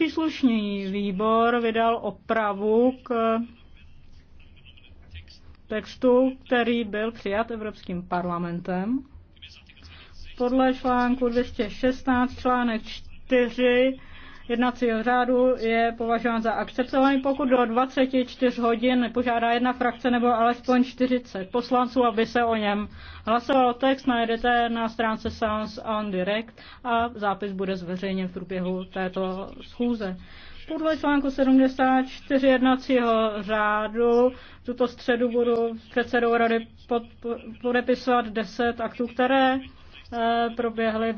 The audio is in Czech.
Příslušný výbor vydal opravu k textu, který byl přijat Evropským parlamentem. Podle článku 216 článek 4 jednacího řádu je považován za akceptovaný, pokud do 24 hodin požádá jedna frakce nebo alespoň 40 poslanců, aby se o něm hlasovalo. Text najdete na stránce Sounds on Direct a zápis bude zveřejněn v průběhu této schůze. Podle článku 74 jednacího řádu tuto středu budu předsedou rady podepisovat 10 aktů, které eh, proběhly v